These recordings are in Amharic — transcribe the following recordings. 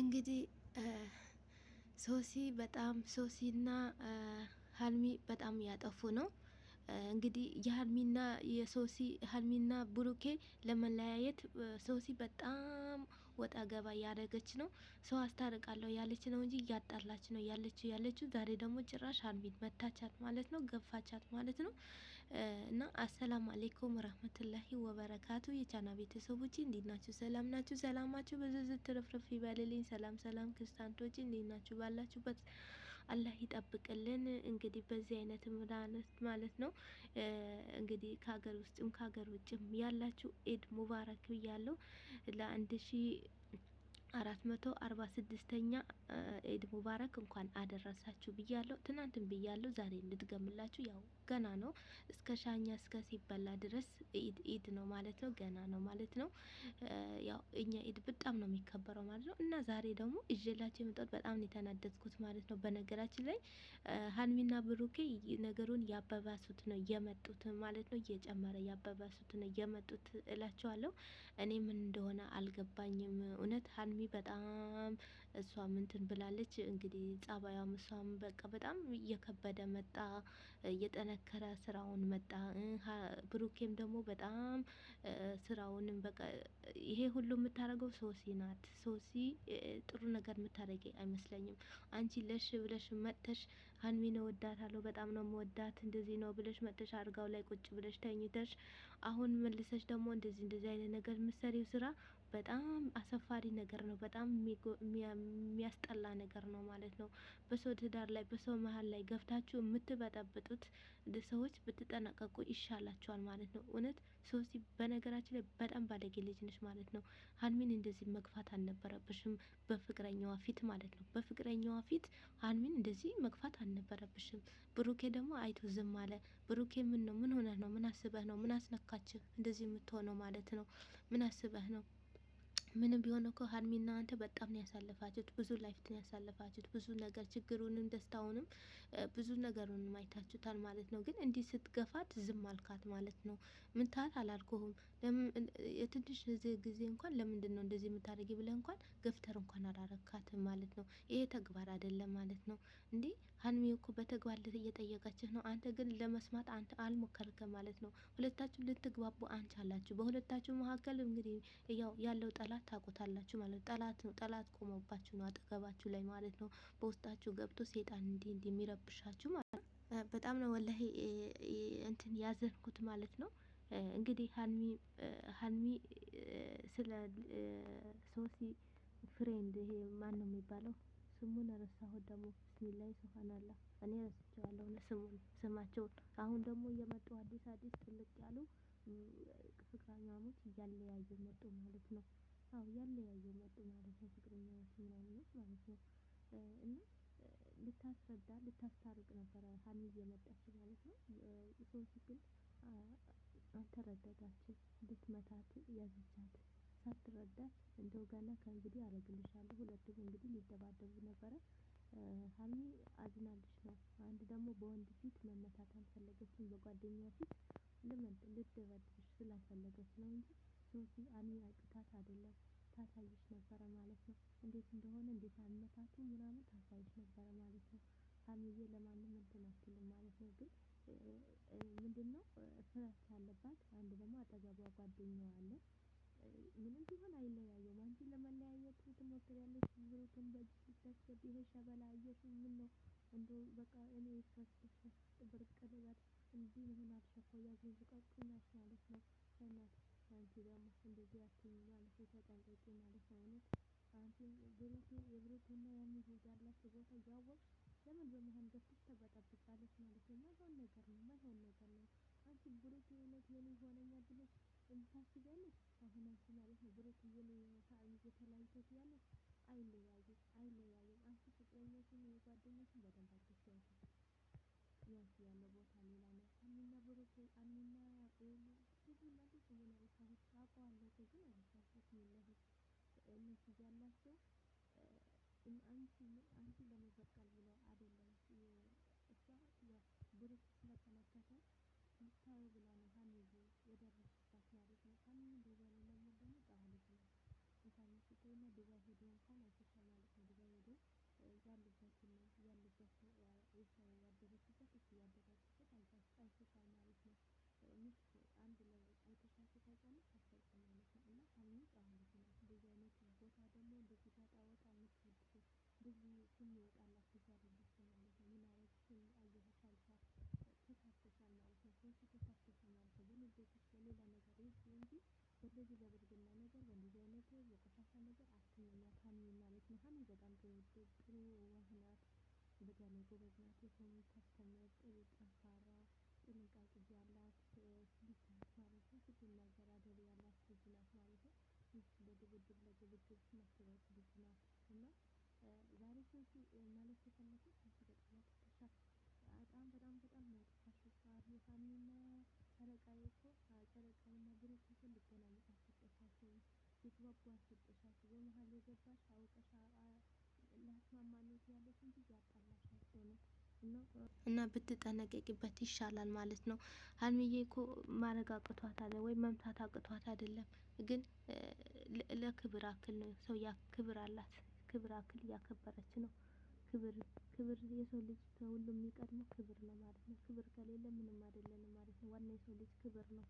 እንግዲህ ሶሲ በጣም ሶሲና ሀልሚ በጣም ያጠፉ ነው። እንግዲህ የሀልሚና የሶሲ ሀልሚና ብሩኬ ለመለያየት ሶሲ በጣም ወጣ ገባ ያደረገች ነው። ሰው አስታርቃለሁ ያለች ነው እንጂ እያጣላች ነው ያለችው ያለችው። ዛሬ ደግሞ ጭራሽ ሀልሚን መታቻት ማለት ነው፣ ገፋቻት ማለት ነው። እና አሰላም አሌይኩም ረህመቱላሂ ወበረካቱ። የቻና ቤተሰቦች እንዴት ናችሁ? ሰላም ናችሁ? ሰላማችሁ በዝዝት ትርፍርፍ ይበልልኝ። ሰላም ሰላም ክርስቲያኖች እንዴት ናችሁ? ባላችሁበት አላህ ይጠብቅልን። እንግዲህ በዚህ አይነት ምዳነት ማለት ነው እንግዲህ ከሀገር ውስጥም ከሀገር ውጭም ያላችሁ ኢድ ሙባረክ ብያለሁ ለአንድ ሺ አራት መቶ አርባ ስድስተኛ ኢድ ሙባረክ እንኳን አደረሳችሁ ብያለሁ። ትናንትም ብያለሁ፣ ዛሬ እንድትገምላችሁ ያው ገና ነው። እስከ ሻኛ እስከ ሲበላ ድረስ ኢድ ነው ማለት ነው። ገና ነው ማለት ነው። ያው እኛ ኢድ በጣም ነው የሚከበረው ማለት ነው። እና ዛሬ ደግሞ እዤላችሁ የመጣሁት በጣም ነው የተናደድኩት ማለት ነው። በነገራችን ላይ ሀልሚና ብሩኬ ነገሩን ያበባሱት ነው የመጡት ማለት ነው። እየጨመረ ያበባሱት ነው የመጡት እላችኋለሁ። እኔ ምን እንደሆነ አልገባኝም እውነት ሀልሚ በጣም እሷ ምንትን ብላለች። እንግዲህ ጸባያም እሷም በቃ በጣም እየከበደ መጣ፣ እየጠነከረ ስራውን መጣ። ብሩኬም ደግሞ በጣም ስራውንም በቃ ይሄ ሁሉ የምታደርገው ሶሲ ናት። ሶሲ ጥሩ ነገር የምታደርጊ አይመስለኝም። አንቺ ለሽ ብለሽ መጥተሽ ሀንሚን እወዳታለሁ በጣም ነው መወዳት እንደዚህ ነው ብለሽ መጥተሽ አልጋው ላይ ቁጭ ብለሽ ተኝተሽ አሁን መልሰሽ ደግሞ እንደዚህ እንደዚህ አይነት ነገር የምትሰሪው ስራ በጣም አሰፋሪ ነገር ነው። በጣም የሚያስጠላ ነገር ነው ማለት ነው። በሰው ትዳር ላይ በሰው መሀል ላይ ገብታችሁ የምትበጠብጡት ሰዎች ብትጠነቀቁ ይሻላችኋል ማለት ነው። እውነት ሶሲ፣ በነገራችን ላይ በጣም ባለጌ ልጅ ነች ማለት ነው። ሀልሚን እንደዚህ መግፋት አልነበረብሽም፣ በፍቅረኛዋ ፊት ማለት ነው። በፍቅረኛዋ ፊት ሀልሚን እንደዚህ መግፋት አልነበረብሽም። ብሩኬ ደግሞ አይቶ ዝም አለ። ብሩኬ ምን ነው? ምን ሆነህ ነው? ምን አስበህ ነው? ምን አስነካችህ እንደዚህ የምትሆነው ማለት ነው? ምን አስበህ ነው? ምንም ቢሆን እኮ ሀይሚ እና አንተ በጣም ነው ያሳለፋችሁት። ብዙ ላይፍትን ያሳለፋችሁት ብዙ ነገር ችግሩንም ደስታውንም ብዙ ነገሩን አይታችሁታል ማለት ነው። ግን እንዲህ ስትገፋት ዝም አልካት ማለት ነው። ምን ታህል አላልኩህም፣ የትንሽ ጊዜ እንኳን ለምንድን ነው እንደዚህ የምታደርጊ ብለህ እንኳን ገፍተር እንኳን አላረካትም ማለት ነው። ይሄ ተግባር አይደለም ማለት ነው። እንዲህ ሀይሚ እኮ በተግባር እየጠየቀችህ ነው። አንተ ግን ለመስማት አንተ አልሞከርከም ማለት ነው። ሁለታችሁ ልትግባቡ አንቻላችሁ። በሁለታችሁ መካከል እንግዲህ ያው ያለው ጠላት ታውቁታላችሁ ማለት ነው። ጠላት ነው ጠላት ቆሞባችሁ ነው አጠገባችሁ ላይ ማለት ነው። በውስጣችሁ ገብቶ ሴጣን እንዲህ እንዲህ የሚረብሻችሁ ማለት ነው። በጣም ነው ወላሂ እንትን ያዘንኩት ማለት ነው። እንግዲህ ሀልሚ ሀልሚ ስለ ሶሲ ፍሬንድ ይሄ ማን ነው የሚባለው? ስሙን ረሳሁት ደግሞ ብስሚላይ ስብሃናላ እኔ ረስቼዋለሁ ስሙን ስማቸውን። አሁን ደግሞ እየመጡ አዲስ አዲስ ትልቅ ያሉ ፍቅረኛሞች እያለያዩ መጡ ማለት ነው። አዎ ያለያዩ መጡ ማለት ነው ፍቅረኛዎች ምናምኖች ማለት ነው። እና ልታስረዳ ልታስታርቅ ነበረ ሀኒዬ እየመጣች ማለት ነው። ሶሲ ግን አልተረዳታትም ብትመታት ያዘቻት ሳትረዳት እንደው ገና ከእንግዲህ አደርግልሻለሁ ሁለቱም እንግዲህ ሊደባደቡ ነበረ። ሀኒ አዝናልሽ ነው አንድ ደግሞ በወንድ ፊት መመታት አልፈለገችም በጓደኛ ፊት ልደበድብሽ ስላልፈለገች ነው እንጂ ሶፊ አሚራ ጩታት አይደለም ታሳይሽ ነበረ ማለት ነው። እንዴት እንደሆነ እንዴት አመታቱ ምናምን ታሳይሽ ነበረ ማለት ነው። አሚዬ ለማንም እንትን አትልም ማለት ነው። ግን ምንድን ነው ፍራት ያለባት አንድ ደግሞ አጠገቧ ጓደኛዋ አለ። ምንም ቢሆን አይለያየም። አንቺ ለመለያየት ትሞክሪያለሽ ብሩትን በእጅ ስታስገቢ ይሄ ሸበላ አየሽ ምን ነው እንደው በቃ እኔ ፈስፈስ ብርቅ ልበል እንዲህ ይሆናል ሸኮ ያዘዙ ቀጡኛት ማለት ነው። አንቺ ደግሞ እንደዚህ አትይኝ ማለት ተጠንቀቂ ማለት ነው። እውነት አንቺ ብሩክ የብሩክና የሚሄድ ያላችሁ ቦታ እያወቅሽ ለምን በመሆን ገብተሽ ማለት ነው። ማይሆን ነገር ነው፣ ማይሆን ነገር ነው። አንቺ ብሩክ እውነት የኔ ይሆነኛል ብለሽ የምታስቢያለሽ አሁን አንቺ ማለት ነው። ብሩክ የኔ ያለ አይለያዩም፣ አይለያዩም። አንቺ ፍቅረኛሽን የጓደኛሽን በደንብ አድርገሽ ያንቺ ያንቺ ያለ ቦታ ሌላ ነው። አሚና ብሩክ አሚና ኤሉ ብዙ እናቶች ይህን አይረሳሁት አውቀዋለሁ ግን አይረሳሁት የሚለሁት እነሱ እያላቸው አንቺ ለመበቀል ብለው አይደለም እሷ ብሩክ ስለተመከተ ልታዩ ብላ ነው ሀሚዬ የደረሰባት ማለት ነው። ከምን እንደዛ ሌላኛው ደግሞ ጸሀልት ነው። እንኳን ዱባይ ሄዶ እንኳን ብዙ ስም ይወጣላት ልጅ አይደለችም ማለት ነው። ምናልባትም አየሁት አልፏ ተሳስተሻል ማለት ነው። ሰዎች ተሳስተሻል ማለት ነው። በንዴት በሌላ ነገር ውስጥ እንጂ በእንደዚህ በብልግና ነገር በእንደዚህ አይነት በቆሻሻ ነገር አትመኛ ታሚ ማለት ነው። ሀሚ በጣም ጥሩ ጥሩ ዋህ ናት። ጎበዝ ናት። የሰው ታስተምር ጥሩ ጠንካራ ጥንቃቄ ያላት ልጅ ናት ማለት ነው። ስትናገር አደብ ያላት ልጅ ናት ማለት ነው። ይህ በድብድብ ለድብድብ ማስተባበር ልጅ ናት እና ዛሬ ሰዎች ማለት በጣም በጣም በጣም በጣም የሳሚና እኮ ብሩክ እኮ ሊገናኙ ሊግባቡ በመሀል ላስማማነት እንጂ ያጣላሻቸው ነው። እና ብትጠነቀቂበት ይሻላል ማለት ነው። ሀይሚዬ እኮ ማድረግ አቅቷት አለ ወይም መምታት አቅቷት አይደለም፣ ግን ለክብር አክል ነው። ሰው ያ ክብር አላት ክብር አክል እያከበረች ነው። ክብር ክብር የሰው ልጅ ከሁሉም የሚቀድመው ክብር ነው ማለት ነው። ክብር ከሌለ ምንም አይደለንም ማለት ነው። ዋና የሰው ልጅ ክብር ነው።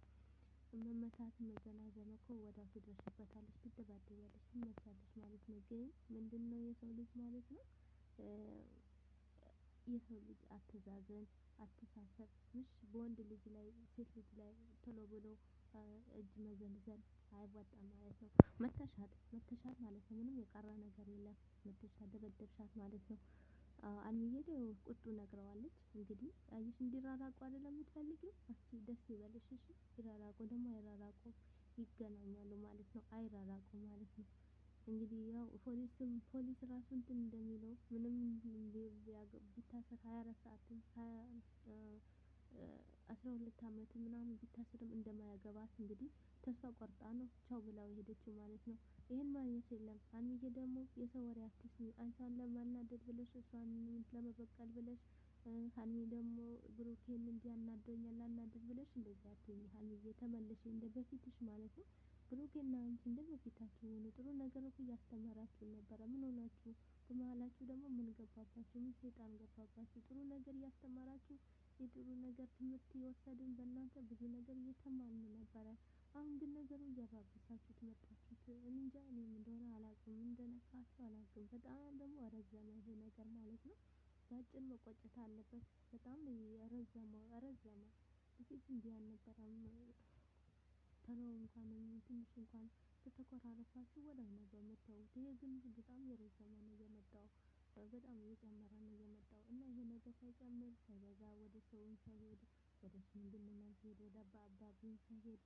መመታት መገናዘን እኮ ወዳው ትደርስበታለች፣ ትደባደባለች፣ ትመቻለች ማለት ነው። ግን ምንድን ነው የሰው ልጅ ማለት ነው የሰው ልጅ አተዛዘን አስተሳሰብ በወንድ ልጅ ላይ ሴት ልጅ ላይ ቶሎ ብሎ እጅ መዘልዘል አይወጣም ማለት ነው። መተሻት መተሻት ማለት ነው ምንም የቀረ ነገር የለም መተሻት ደበደብሻት ማለት ነው። አልሚዬ ቁጡ ነግረዋለች እንግዲህ አየሽ እንዲራራቁ አይደለም የምትፈልጊው እስኪ ደስ ይበልሽ እሺ ይራራቁ ደግሞ አይራራቁም ይገናኛሉ ማለት ነው አይራራቁም ማለት ነው። እንግዲህ ያው ፖሊስም ፖሊስ ራሱ እንትን እንደሚለው ምንም ቢታሰር ሀያ አራት ሰዓትም ሀያ አስራ ሁለት አመት ምናምን ብታስርም እንደማያገባት እንግዲህ ተስፋ ቆርጣ ነው ቻው ብላው የሄደችው ማለት ነው። ይህን ማግኘት የለም። አንዬ ደግሞ የሰው ወሬ አትስሚ፣ አንቺን ለማናደድ ብለሽ እሷን ለመበቀል ብለሽ ሀኒ ደግሞ ብሩኬን እንዲህ አናዶኛል አናደድ ብለሽ እንደዚህ አትሁኚ ሀኒዬ፣ ተመለሽ እንደ በፊትሽ ማለት ነው። ብሩኬና አንቺ እንደ በፊታችሁ ሁኑ። ጥሩ ነገር እኮ እያስተማራችሁ ነበረ። ምን ሆናችሁ? በመሀላችሁ ደግሞ ምን ገባባችሁ? ምን ሴጣን ገባባችሁ? ጥሩ ነገር እያስተማራችሁ የጥሩ ነገር ትምህርት የወሰድን በእናንተ ብዙ ነገር እየተማርን ነበረ። አሁን ግን ነገሩ እያባበሳችሁት መጣችሁት። እኔ እንጃ እኔም እንደሆነ አላውቅም፣ እንደነካችሁ አላውቅም። በጣም ደግሞ ረዘመ ይሄ ነገር ማለት ነው። በአጭር መቆጨት አለበት። በጣም ረዘመ ረዘመ። በፊት እንዲህ አልነበረም። ተለው እንኳን ትንሽ እንኳን ከተኮራረፋችሁ ወደ ነበር የምትተውት። ይሄ ግን በጣም የረዘመ ነው የመጣው። በጣም እየጨመረ ነው የመጣው። እና ይሄ ነገር ሳይጨምር ሳይበዛ ወደ ሰውን ሳይሄድ ወደ ሽምግልና ሳይሄድ ወደ አባ አባቢን ሳይሄድ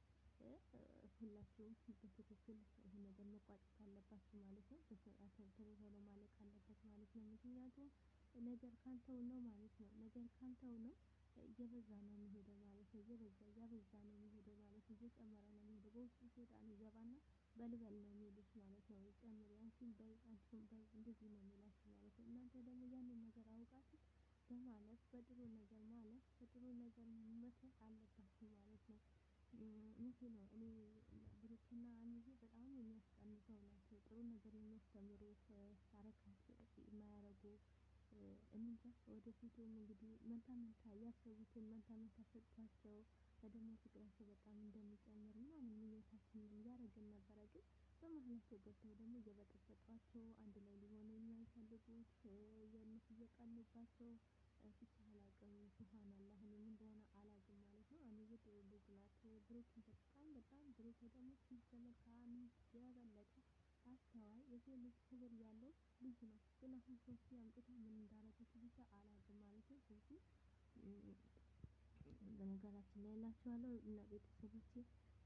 ሁላችሁም በትክክል ይሄ ነገር መቋጨት አለባችሁ ማለት ነው። በስርዓት ቶሎ ቶሎ ማለቅ አለበት ማለት ነው። ምክንያቱም ነገር ካንተው ነው ማለት ነው። ነገር ካንተው ነው እየበዛ ነው የሚሄደው ማለት ነው። እየበዛ እያበዛ ነው የሚሄደው ማለት ነው። እየጨመረ ነው የሚሄደው። በውስጡ ሴጣን ይገባና በልበል ነው የሚሉት ማለት ነው። ጨምር ያንቺን በይ አንቺን በይ እንደዚህ ነው የሚላችሁ ማለት ነው። እናንተ ደግሞ ያንን ነገር አውቃችሁ በማለፍ በጥሩ ነገር ማለፍ በጥሩ ነገር መመስረት አለባችሁ ማለት ነው። ይህ ነው እኔ ብሩክና አንዬ በጣም የሚያስቀንሰው ናቸው። ጥሩ ነገር የሚያስተምሩ ታረካቸው የማያረጉ እንጃ ወደፊቱም እንግዲህ መንታ መንታ ያሰቡትን መንታ መንታ ሰጥቷቸው በደግሞ ፍቅራቸው በጣም እንደሚጨምር ምናምን ምኞታችን እያደረግን ነበረ። ግን በመሀላቸው ገብተው ደግሞ እየበጠበጧቸው አንድ ላይ ሊሆኑ የማይፈልጉት የእነሱ እየቀኑባቸው ብቻ አላውቅም። ስብሀን አላህ እንደሆነ አላውቅም ማለት ነው። እኔ ልጅ ናት ብሩክን በጣም በጣም ብሩክ ደግሞ ሲጀመር ከአንድ የበለጠ አስተዋይ፣ የሰው ልጅ ክብር ያለው ልጅ ነው። ግን አሁን ሶፊ አምጥታ ምን እንዳረገች ብቻ አላውቅም ማለት ነው። ሶፊ በነገራችን ላይ እላችኋለሁ እና ቤተሰቦቼ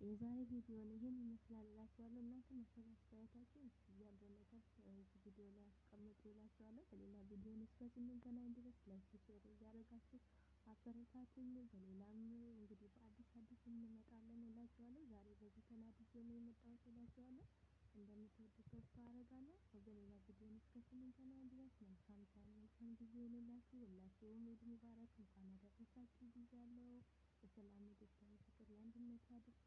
የዛሬ ቪዲዮን ይህን ይመስላል እላችኋለሁ። እናንተ መሰል አስተያየታችሁን እያበለጠት እዚህ ቪዲዮ ላይ አስቀምጡ እላችኋለሁ። በሌላ ቪዲዮን እስከ ድረስ ላይክ፣ ሼር እያደረጋችሁ አበረታቱኝ። ከወደድክ ተስፋ አደርጋለሁ። በሌላ ቪዲዮ እስከ ድረስ መልካም ሳምንትን ጊዜ ይሁንላችሁ። ሁላችሁም ኢድ ሙባረክ። እንኳን አደረሳችሁ ብያለሁ። በሰላም የደስታ የፍቅር የአንድነት ያድርስ